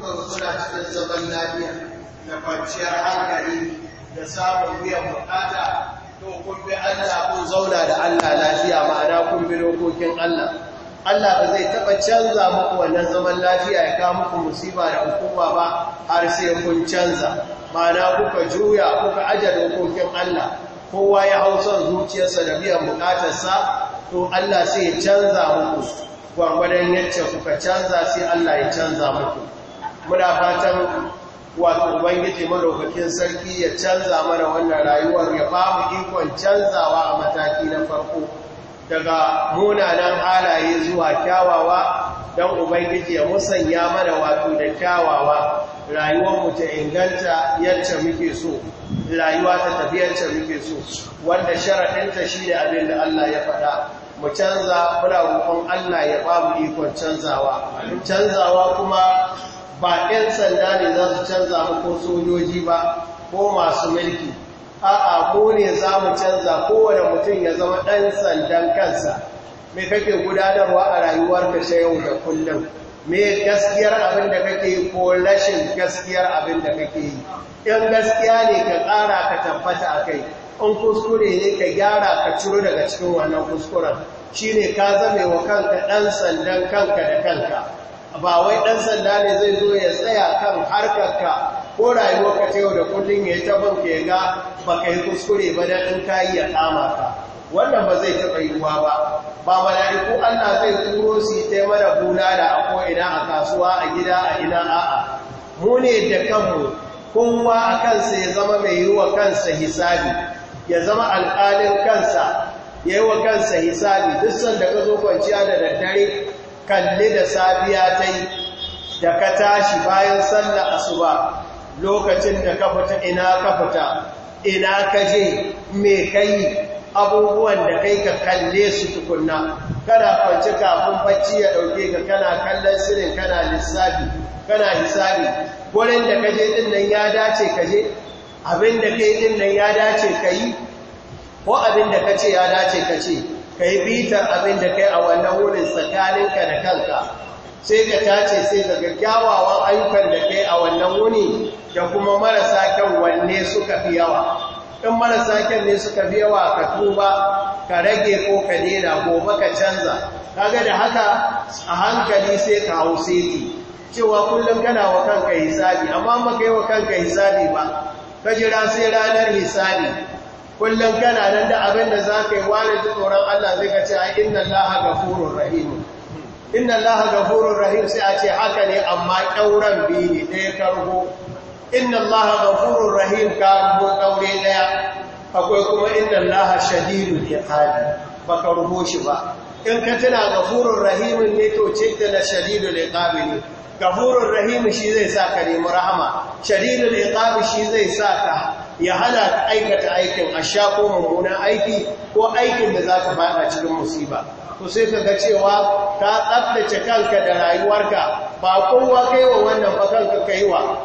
dukkan suna cikin zaman lafiya da kwanciyar hankali da samun biyan bukata to kun bi Allah kun zauna da Allah lafiya ma'ana kun bi dokokin Allah Allah ba zai taɓa canza muku wannan zaman lafiya ya kawo muku musiba da hukuma ba har sai kun canza ma'ana kuka juya kuka aje dokokin Allah kowa ya hau son zuciyarsa da biyan bukatarsa to Allah sai ya canza muku gwargwadon yacce kuka canza sai Allah ya canza muku muna fatan wato ubangiji madaukakin sarki ya canza mana wannan rayuwar ya ba mu ikon canzawa a mataki na farko daga munanan halaye zuwa kyawawa don ubangiji ya musanya mana wato da kyawawa rayuwarmu ta inganta yadda muke so rayuwa ta tafiyarta muke so wanda sharaɗinta shi da abin da Allah ya faɗa mu canza muna roƙon Allah ya ba mu ikon canzawa canzawa kuma ba 'yan sanda ne za su canza ko sojoji ba ko masu mulki a'a ko ne za mu canza kowane mutum ya zama ɗan sandan kansa mai kake gudanarwa a rayuwar ta yau da kullum me gaskiyar abin da kake yi ko rashin gaskiyar abin da kake yi in gaskiya ne ka ƙara ka tabbata a kai in kuskure ne ka gyara ka ciro daga cikin wannan kuskuren shi ne ka zamewa kanka ɗan sandan kanka da kanka ba wai ɗan sanda ne zai zo ya tsaya kan harkarka ko rayuwar ka ce da kullum ya ta banka ya ga ba ka yi kuskure ba da in ka yi ya kama ka wannan ba zai taɓa yiwuwa ba ba mala'iku Allah zai turo su yi mana da a ko'ina a kasuwa a gida a ina a'a mu ne da kanmu kuma a kansa ya zama mai yi wa kansa hisabi ya zama alƙalin kansa ya yi wa kansa hisabi duk sanda ka zo kwanciya da daddare kalli da safiya ta yi da ka tashi bayan sallar asuba lokacin da ka fita ina ka fita ina ka je me kai abubuwan da kai ka kalle su tukunna kana kwanci kafin bacci ya dauke ga kana kallon sirin kana lissafi kana hisabi gurin da kaje din nan ya dace kaje abin da kai din nan ya dace kai ko abin da kace ya dace kace ka yi bitar abin da kai a wannan wurin tsakaninka da kanka sai ka tace sai ga kyawawan ayyukan da kai a wannan wuni da kuma marasa kyan wanne suka fi yawa in marasa kyan ne suka fi yawa ka tuba ka rage ko ka daina gobe ka canza kaga da haka a hankali sai ka hau seti cewa kullum kana wa kanka hisabi amma maka yi wa kanka hisabi ba ka jira sai ranar hisabi kullum kana nan da abinda za ka yi wani ji tsoron Allah zai kace a inna laha ga furun rahimu inna laha ga furun rahim sai a ce haka ne amma ƙyauren biyu ne ɗaya kargo inna laha ga furun rahim ka rubo ɗaure ɗaya akwai kuma inna laha shadidu ke hali ba ka rubo shi ba in ka tuna ga furun rahimun ne to ce da na shadidu ne ƙabili gafurur rahim shi zai sa ka nemi rahama shadidul iqab shi zai sa ka ya hana ta aikata aikin a sha ko mummunan aiki ko aikin da za ka fada cikin musiba ko sai ka ga cewa ka tsabtace kanka da rayuwarka ba kowa kai wa wannan ba kanka kai wa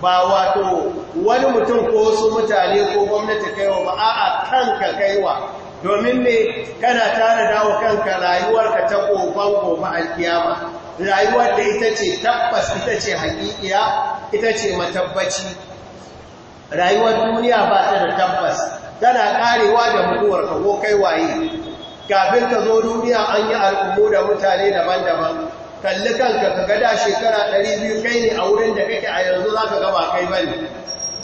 ba wato wani mutum ko wasu mutane ko gwamnati kai wa ba a'a kanka kai wa domin me kana tare dawo kanka rayuwarka ta kofan gobe alkiyama rayuwar da ita ce tabbas ita ce hakikiya ita ce matabbaci rayuwar duniya ba ta da tabbas tana karewa da mutuwar ka ko kai waye kafin ka zo duniya an yi al'ummu da mutane daban-daban kalli kanka ka ga da shekara 200 kai ne a wurin da kake a yanzu za ga gaba kai bane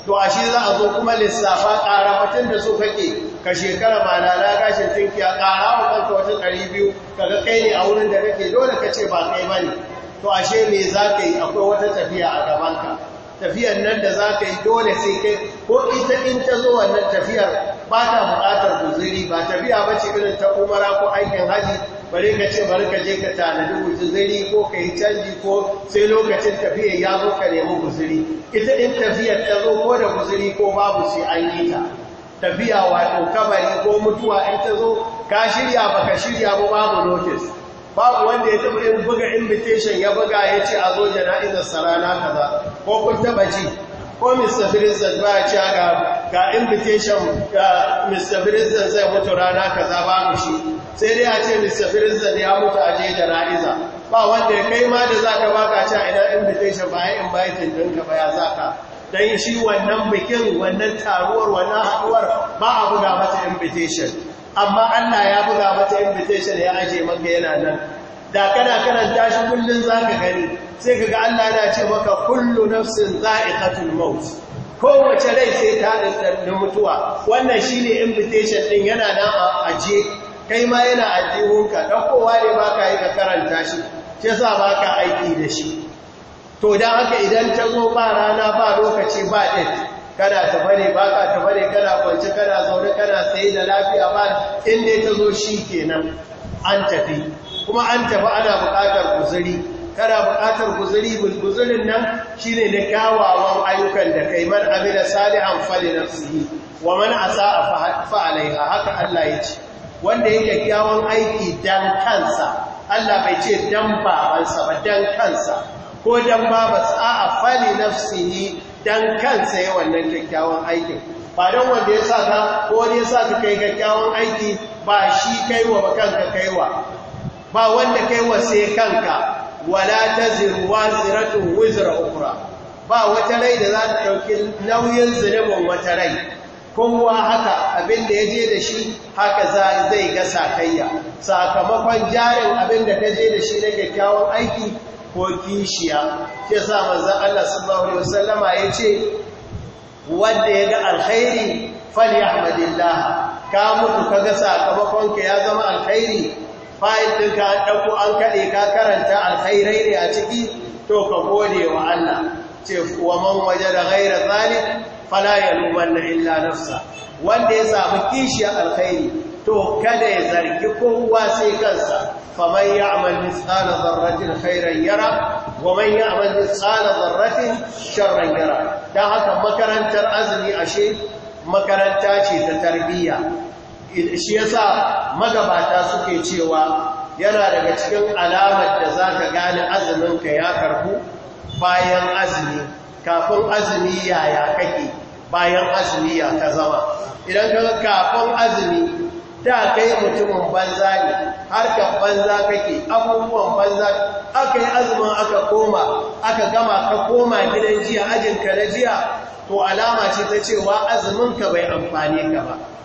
to ashe za a zo kuma lissafa ƙara mutum da so kake ka shekara na gashin tinki a ƙara wa kanka wata 200 ga kai ne a wurin da kake dole ka ce ba kai bane to ashe me za ka yi akwai wata tafiya a gabanka Tafiyar nan da za ka yi dole sai kai ko ita in ta zo wannan tafiyar ba ta buƙatar guziri ba tafiya ba ce irin ta umara ko aikin haji bare ka ce bari ka je ka tanadi guziri ko ka yi canji ko sai lokacin tafiyar ya zo ka nemi guziri ita in tafiyar ta zo ko da guziri ko babu sai an yi ta tafiya wato kabari ko mutuwa in ta zo ka shirya ba ka shirya ba babu notis, babu wanda ya taɓa yin buga invitation ya buga ya ce a zo jana'izar sarana kaza ko kun taba ci ko Mr. Brinson ba ya ci ga ga invitation ga Mr. Brinson zai mutu rana kaza ba mu shi sai dai a ce Mr. Brinson ya mutu a je jana'iza ba wanda ya kai ma da ba baka ci idan invitation ba ya invite baya ba ya zaka dan shi wannan bikin wannan taruwar wannan haɗuwar, ba a buga mata invitation amma Allah ya buga mata invitation ya aje maka yana nan da kana karanta shi kullun zaka gani sai ka ga Allah yana ce maka kullu nafsin za'iqatul maut kowace rai sai ta da mutuwa wannan shine invitation din yana nan a aje kai ma yana ajihunka dan kowa ne baka yi ka karanta shi shi sa baka aiki da shi to dan haka idan ta zo ba rana ba lokaci ba din kana ta bare baka ka bare kana kwance kana zaune kana sai da lafiya ba inda ta zo shi kenan an tafi kuma an tafi ana buƙatar guzuri kana buƙatar guzuri guzurin nan shine na kyawawan ayyukan da kai man amila salihan fali nafsihi wa a sa'a fa'alai A haka Allah ya ce wanda yake kyawun aiki dan kansa Allah bai ce dan babansa ba dan kansa ko dan babansa a'a fali nafsihi dan kansa ya wannan kyakkyawan aikin ba don wanda ya sa ka ko wani ya sa ka kai kyakkyawan aiki ba shi kaiwa ba kanka kaiwa ba wanda kai wase kanka wala taziru waziratu wizra ukra ba wata rai da za ta dauki nauyin zunubin wata rai kowa haka abinda ya je da shi haka zai ga sakayya sakamakon jarin abinda da ta je da shi na kyakkyawan aiki ko kishiya ke sa maza Allah sallallahu alaihi wasallama ya ce wanda ya ga alkhairi falyahmadillah ka mutu ka sakamakon ka ya zama alkhairi fayil ka an ɗauko an kaɗe ka karanta alkhairai ne a ciki to ka gode wa Allah ce wa man waje da gaira zalik fala ya lumanna illa nafsa wanda ya samu kishiyar alkhairi to kada ya zargi kowa sai kansa faman ya'mal mithqala dharratin khairan yara wa yara dan haka makarantar azumi ashe makaranta ce ta tarbiyya shi yasa magabata suke cewa yana daga cikin alamar da za ka gani ka ya karbu bayan azumi kafin azumi yaya kake bayan azumi ya ka zama idan ka kafin azumi da kai mutumin banza ne harkar banza kake abubuwan banza aka yi azumin aka koma aka gama ka koma gidan jiya ajinka na jiya to alama ce ta cewa azuminka bai amfani ka ba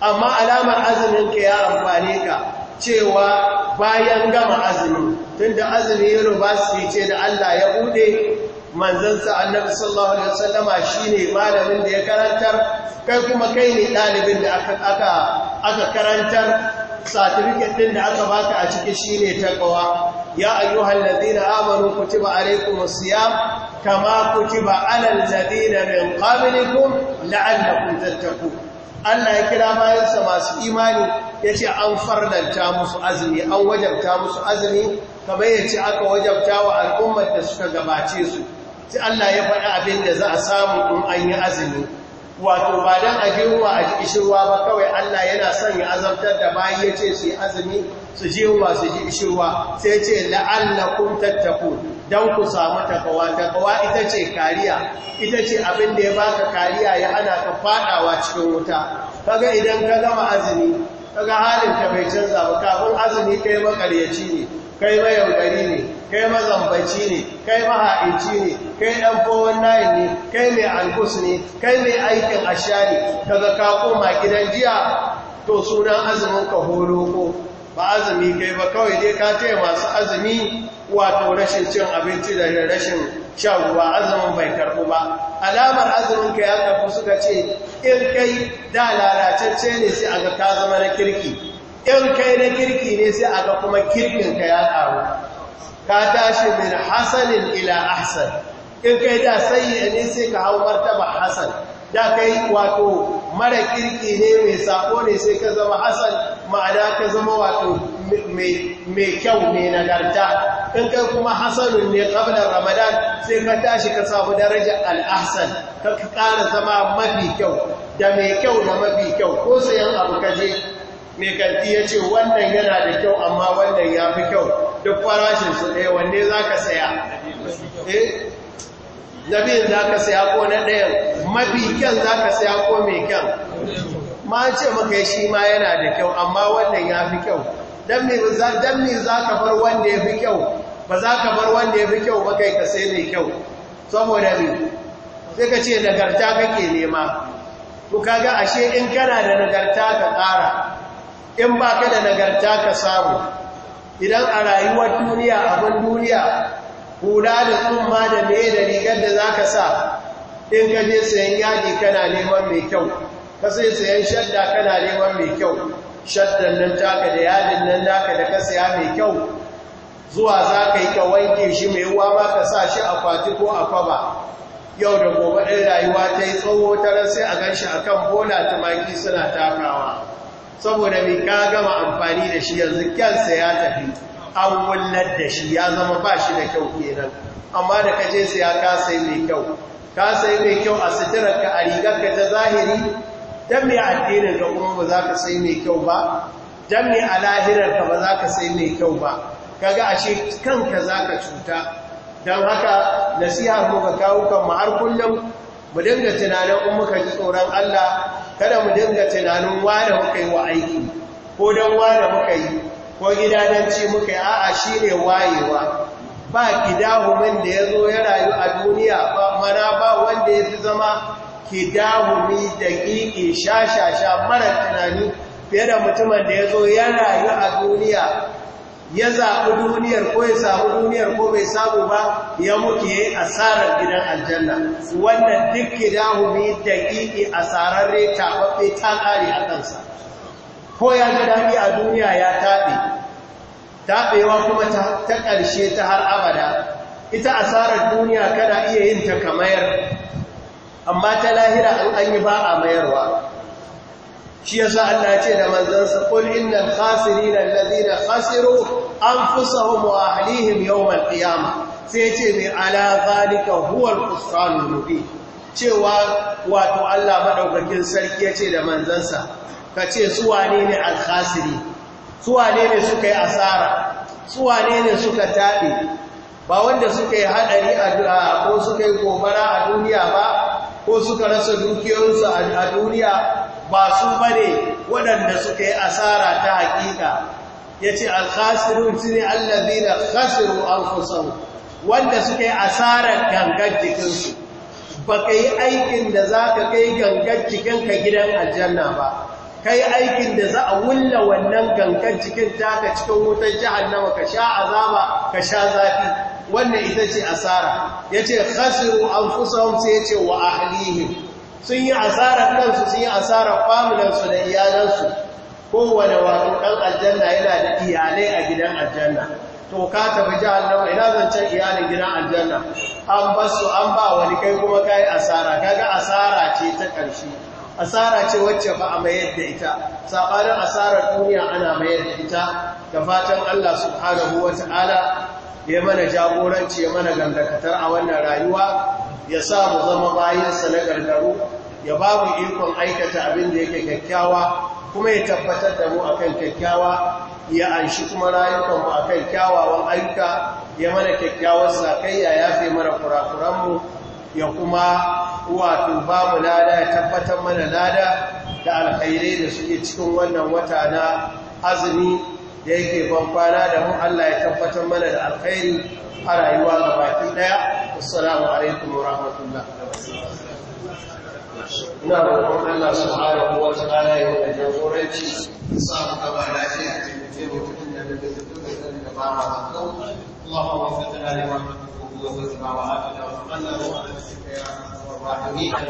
amma alamar azuminka ya amfane ka cewa bayan gama azumi tunda azumi rubasi ce da Allah ya bude manzansa annabi sallallahu alaihi wasallama shine malamin da ya karantar kai kuma kai ne dalibin da aka aka aka karantar certificate din da aka baka a cikin shine taqwa ya ayyuhal ladina amanu kutiba alaykumus siyam kama kutiba alal ladina min qablikum la'allakum tattaqun Allah ya kira bayansa masu imani ya ce an fardanta musu azumi an wajabta musu azumi kamar ya ce aka wajabta wa al'ummar da suka gabace su sai Allah ya faɗi abin da za a samu in an yi azumi wato ba don a ruwa a ishirwa ba kawai Allah yana son ya azabtar da bayan ya ce su azumi su ji ruwa su ji ishirwa sai ce kun tattaku don ku samu takawa takawa ita ce kariya ita ce abin da ya baka kariya ya ana ka fadawa cikin wuta kaga idan ka gama azumi kaga halin ka bai canza ba kafin azumi kai makaryaci ne kai mayaudari ne kai mazambaci ne kai maha'inci ne kai dan fowon nayin ne kai mai algus ne kai mai aikin ashari ne kaga ka koma gidan jiya to sunan azumin ka ko. ba azumi kai ba kawai dai ka ce masu azumi wato rashin cin abinci da rashin shan azumin bai karbu ba alamar azumin ka ya karbu suka ce in kai da lalatacce ne sai aga ka zama na kirki in kai na kirki ne sai aga kuma kirkin ka ya karu ka tashi min Hassanin ila ahsan in kai da sayi ne sai ka hau martaba hasan da kai wato mara kirki ne mai sako ne sai ka zama hasan ma'ana ka zama wato mai kyau ne nagarta in kai kuma hasanun ne kabilar ramadan sai ka tashi ka samu daraja al'asan ka ƙara zama mafi kyau da mai kyau da mafi kyau ko sayan abu kaje mai kanti ya ce wannan yana da kyau amma wannan ya fi kyau duk farashin su ɗaya wanne za ka saya eh? na za ka saya ko na ɗayan mafi kyan za ka saya ko mai kyan ma ce maka shi ma yana da kyau amma wannan ya fi kyau don me za ka bar wanda ya fi kyau ba za ka bar wanda ya fi kyau ba kai ka sai mai kyau saboda me sai ka ce nagarta kake nema ku kaga ashe in kana da nagarta ka ƙara in ba ka da nagarta ka samu idan a rayuwar duniya abin duniya hula da tsumma da meye da rigar da za ka sa in ka je sayan yadi kana neman mai kyau ka sai sayan shadda kana neman mai kyau shaddan nan taka da yadin nan naka da ka saya mai kyau zuwa za ka yi ka wanke shi mai uwa ba ka sa shi a kwati ko a kwaba yau da gobe ɗin rayuwa ta yi tsoho ta sai a ganshi shi a kan bola tumaki suna takawa saboda mai ka gama amfani da shi yanzu kyansa ya tafi an wallar da shi ya zama ba shi da kyau kenan amma da kaje sai ya ka sai mai kyau ka sai mai kyau a sitirarka a rigarka ta zahiri don mai addinin ka kuma ba za ka sai mai kyau ba don mai a lahirarka ba za ka sai mai kyau ba kaga a ce kanka za ka cuta don haka nasiha ko ga kawo kan har kullum mu dinga tunanin in muka ji tsoron Allah kada mu dinga tunanin wa da muka yi wa aiki ko don da muka yi ko gidananci muka yi a'a shi ne wayewa ba kidahumin da ya zo ya rayu a duniya ba mana ba wanda ya fi zama kidahumi da ƙiƙi shashasha mara tunani fiye da mutumin da ya zo ya rayu a duniya ya zaɓi duniyar ko ya samu duniyar ko bai samu ba ya muke yi asarar gidan aljanna wannan duk kidahumi da ƙiƙi asararre taɓaɓɓe ta ƙari a kansa ko ya ji daɗi a duniya ya taɓe taɓewa kuma ta ƙarshe ta har abada ita asarar duniya kana iya yin ta kamayar amma ta lahira an an yi ba a mayarwa shi yasa Allah ce da manzansa qul innal khasirin alladhina khasiru anfusahum wa ahlihim yawm alqiyama sai ce mai ala zalika huwa qusranul mubin cewa wato Allah madaukakin sarki yace da manzansa ka ce suwa ne alhasiri suwa ne suka yi asara suwa ne suka taɓe ba wanda suka yi haɗari a ko suka yi gobara a duniya ba ko suka rasa dukiyoyinsu a duniya ba su ba ne waɗanda suka yi asara ta haƙiƙa ya ce alhasirin su ne allazi na khasiru an kusan wanda suka yi asarar gangar jikinsu ba ka yi aikin da za ka kai gangar jikinka gidan aljanna ba kai aikin da za a wulla wannan gangan cikin taka cikin wutar jahannama ka sha azaba ka sha zafi wannan ita ce asara yace khasiru anfusahum sai ce wa ahalihi sun yi asarar kansu sun yi asarar famulansu da iyalansu kowane wato ɗan aljanna yana da iyalai a gidan aljanna to ka tafi jahannama ina zancen iyalin gidan aljanna an basu an ba wani kai kuma ka asara kaga asara ce ta ƙarshe asara ce wacce ba a mayar da ita sabanin asarar duniya ana mayar da ita da fatan Allah subhanahu ta'ala ya mana jagoranci ya mana gangakatar a wannan rayuwa ya sa mu zama bayansa na gargaru ya ba mu ikon aikata abin da yake kyakkyawa kuma ya tabbatar da mu akan kyakkyawa ya anshi kuma rayukan mu akan kyawawan ayyuka ya mana kyakkyawar sakayya ya fi mana kurakuranmu ya kuma wato babu lada ya tabbatar mana lada da alkhairai da suke cikin wannan wata na azumi da yake bankwana da mu Allah ya tabbatar mana da alkhairi a rayuwa ga baki daya assalamu alaikum wa barakatuh ina roƙon Allah subhanahu wa ta'ala ya yi jagoranci sa mu gaba lafiya da mutum da da da ba ma zakau اللهم اغفر لنا لما ko وتسمع وعافنا وتقلنا وعافنا وحميدا